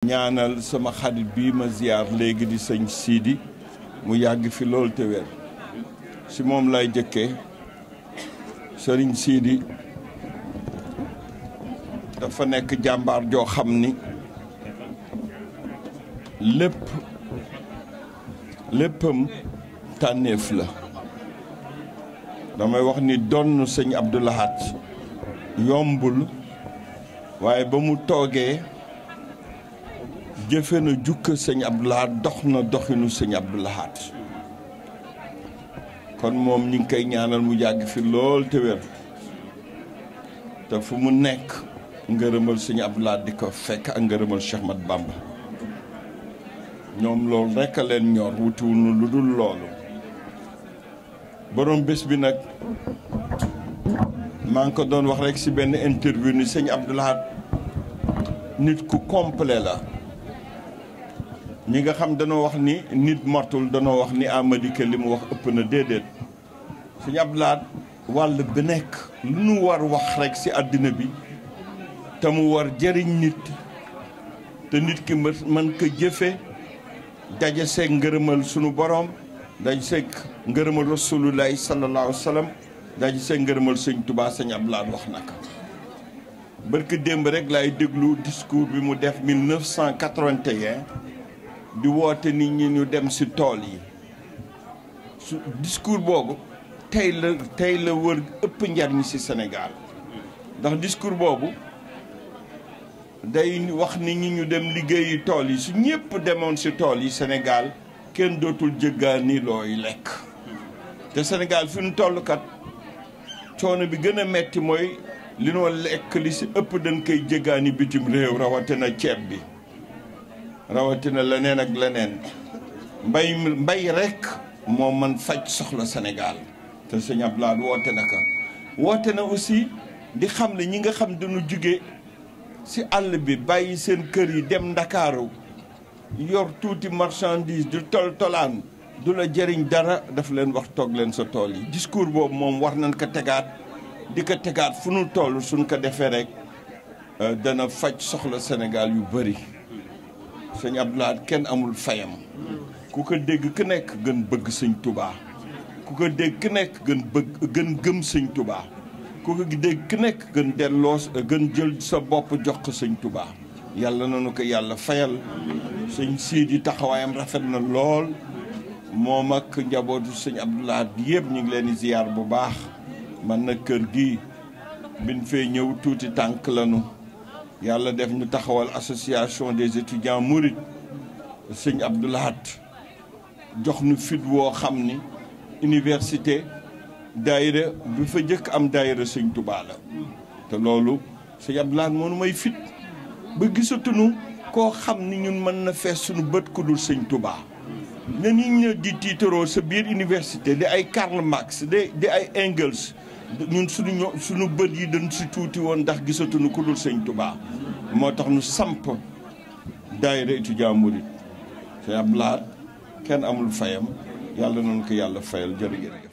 ñaanal sama xarit bii ma ziyaar léegi di sëñ siidi mu yàgg fi loolu te ci moom lay jëkkee sëriñ siidi dafa nekk jàmbaar joo xam ni lépp léppam tànneef la damay wax ni donn sëñ Abdou Lahat yombul waaye ba mu toogee jëfe na jukka sëñ Abdou dox na doxinu sëñ Abdou kon moom ñu ngi koy ñaanal mu jàgg fi lool te te fu mu nekk ngërëmal sëñ Abdou di ko fekk ak ngërëmal Cheikh Mat Bamba ñoom loolu rekk a leen ñor wutiwuñu lu dul loolu borom bés bi nag maa ngi ko doon wax rekk ci benn interview ni sëñ Abdou nit ku complet la ñi nga xam dañoo wax ni nit mortul dañoo wax ni Amady li mu wax ëpp na déedéet ab laat wàll bi nekk lu nu war wax rekk ci àddina bi te mu war jëriñ nit te nit ki mën ko jëfe daje seeg ngërëmal sunu borom daje seeg ngërëmal rasulullahi sallallahu alayhi wa sallam daje seeg ngërëmal sëñ Tuubaa sëñ ablaat wax naka barke démb rek lay déglu discours bi mu def 1981 di woote nit ñi ñu dem ci tool yi su discours boobu tey la tey la wër ëpp njariñ ci senegaal ndax discours boobu day wax nit ñi ñu dem liggéeyi tool yi su ñépp demoon ci tool yi senegaal kenn dootul jëggaani looy lekk te senegaal fi ñu toll coono bi gën a metti mooy li noo lekk li ci ëpp dañ koy jëggaani bitim réew na ceeb bi rawatina leneen ak leneen mbay mbay rekk moom man faj soxla Sénégal te sëñ Abdoulaye woote na ka woote na aussi di xam ne ñi nga xam dañu jóge ci àll bi bàyyi seen kër yi dem ndakaaru yor tuuti marchandise du tol tolaan du la jëriñ dara daf leen wax toog leen sa tool yi discours boobu moom war nañ ko tegaat di ko tegaat fu nu toll suñ ko defee rek euh, dana faj soxla Sénégal yu bari sëñ Abdoulaye kenn amul fayam ku ko dégg ku nekk gën bëgg sëñ tubaa ku ko dégg ku nekk gën bëgg gën gëm sëñ tubaa ku ko dégg ku nekk gën delloos gën jël sa bopp jox ko sëñ tubaa yàlla nanu ko yàlla fayal sëñ Sidi taxawaayam rafet na lool moom ak njabootu sëñ Abdoulaye yëpp ñu ngi leen di ziyaar bu baax man na kër gi bin fee ñëw tuuti tànk lanu yàlla def ñu taxawal association des étudiants murit sëñ Abdoulahat jox ñu fit woo xam ni université daayira bi fa njëkk am daayira sëñ Touba la te loolu sëñ moo moonu may fit ba gisatuñu koo xam ni ñun mën na fees suñu bët ku dul sëñ Touba na nit ñi di tiitaroo sa biir université di ay Karl Marx di di ay Engels ñun suñu ño suñu bët yi dañ si tuuti woon ndax gisatuñu ku dul sëñ Touba moo tax nu samp daayira étudiant murit te ab laat kenn amul fayam yàlla noonu ko yàlla fayal jërëjëf